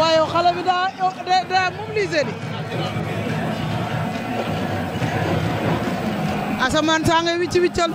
waaye yow xale bi daa daa daa mobilisé di. asamaan saa ngay wiccal.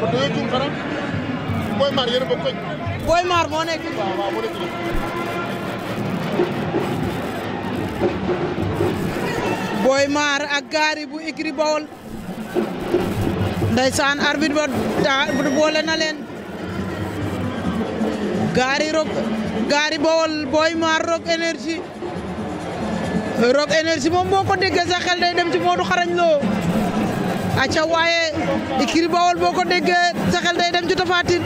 kon dañoo Maar yéen a koñ. Boy Maar moo nekk. waaw waaw moo nekk Boy Maar ak gaari bu Ikri Bawol. Ndeysaan arbitre ba boole na leen. gaari rok gaari Bawol Boy Maar rok énergie. rok énergie moom boo ko déggee sa xel day dem ci Modou Xarañ Lo. acca waaye ikiri bawol boo ko déggee sa xel day dem ci Tapha Tine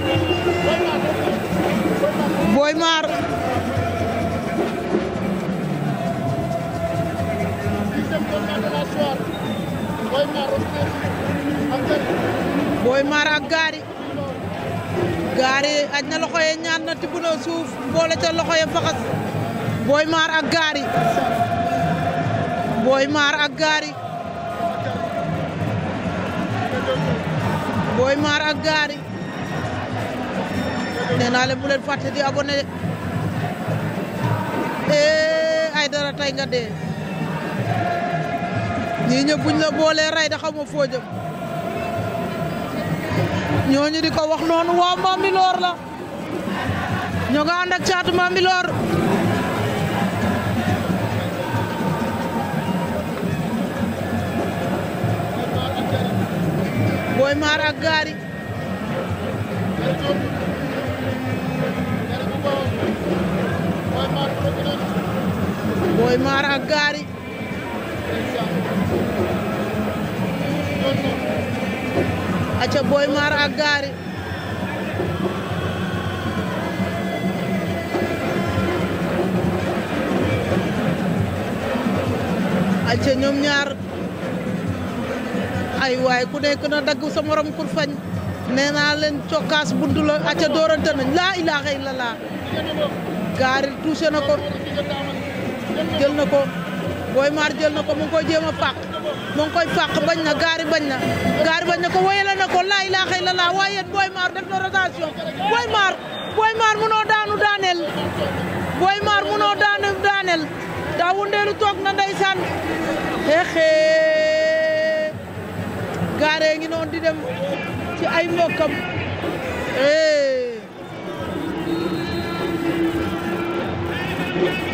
Maar Boy gaari gaari aj na loxo ye ñaan na tibb na suuf boole ca loxo ye faxas Boy Maar ak gaari Boy Maar ak gaari Boy Maar ak Gary nee naa leen bu di abonné ee eh, ay dara tay nga dee ñii ñëpp buñ la boolee rey da xamoo foo ñooñu di ko wax noonu waa Bambilor la ñoo nga ànd ak caatu Bambilor Boy Maar ak Gary Boy Maar ak Maar ak Gary ay waay ku nekk na dagg sa morom kurfañ nee naa leen cokkaas buntu la acca doorante laa ilaaha illallah gaari touché na ko jël na ko booy maar jël na ko mu koy jéem a fàq mu koy fàq bañ na gaari bañ na gaari bañ na ko wéyale na ko laa ilaaha illallah waaye yéen booy maar def na rotation daanu daaneel booy maar munoo daaneel daa wundeelu toog na ndeysaan xeexee gaare ngi noonu di dem ci ay mbokkam eh